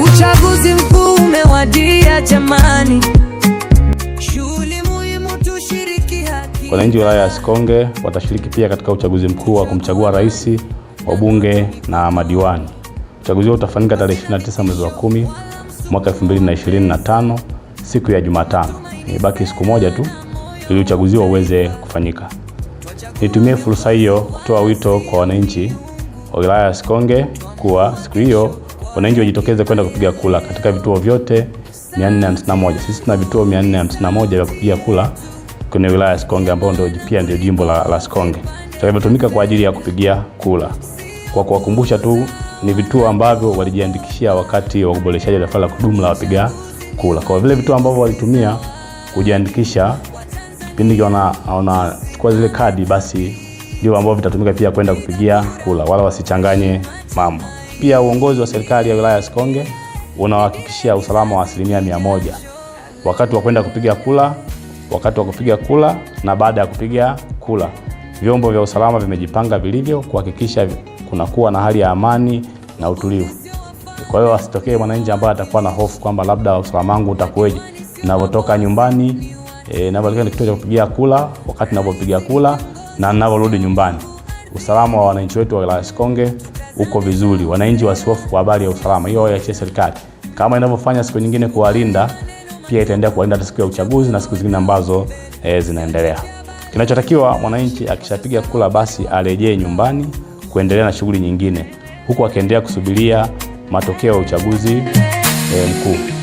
Uchaguzi mkuu umewadia jamani. Wananchi wa wilaya ya Sikonge watashiriki pia katika uchaguzi mkuu wa kumchagua rais, wabunge na madiwani. Uchaguzi huo utafanyika tarehe 29 mwezi wa 10 mwaka 2025 siku ya Jumatano. Imebaki siku moja tu ili uchaguzi huo uweze kufanyika. Nitumie fursa hiyo kutoa wito kwa wananchi wa wilaya ya Sikonge kuwa siku hiyo wananchi wajitokeze kwenda kupiga kura katika vituo vyote 451. Sisi tuna vituo 451 vya kupiga kura kwenye wilaya ya Sikonge ambao ndio pia ndio jimbo la, la Sikonge vitakavyotumika kwa ajili ya kupigia kura. Kwa kuwakumbusha tu, ni vituo ambavyo walijiandikishia wakati wa uboreshaji daftari la kudumu la wapiga kura, kwa vile vituo ambavyo walitumia kujiandikisha kipindi wanachukua zile kadi, basi ndio ambavyo vitatumika pia kwenda kupigia kura, wala wasichanganye mambo. Pia uongozi wa serikali ya wilaya ya Sikonge unawahakikishia usalama wa asilimia mia moja wakati wa kwenda kupiga kula, wakati wa kupiga kula na baada ya kupiga kula. Vyombo vya usalama vimejipanga vilivyo kuhakikisha kunakuwa na hali ya amani na utulivu. Kwa hiyo asitokee mwananchi ambaye atakuwa na hofu kwamba labda usalama wangu utakuweje ninavyotoka nyumbani, e, ninavyoelekea kituo cha kupigia kula, wakati ninavyopiga kula na ninavyorudi nyumbani. Usalama wa wananchi wetu wa wilaya Sikonge uko vizuri, wananchi wasihofu kwa habari ya usalama. Hiyo waiachie serikali, kama inavyofanya siku nyingine kuwalinda, pia itaendelea kuwalinda hata siku ya uchaguzi na siku zingine ambazo e, zinaendelea. Kinachotakiwa mwananchi akishapiga kula, basi arejee nyumbani kuendelea na shughuli nyingine, huku akiendelea kusubiria matokeo ya uchaguzi e, mkuu.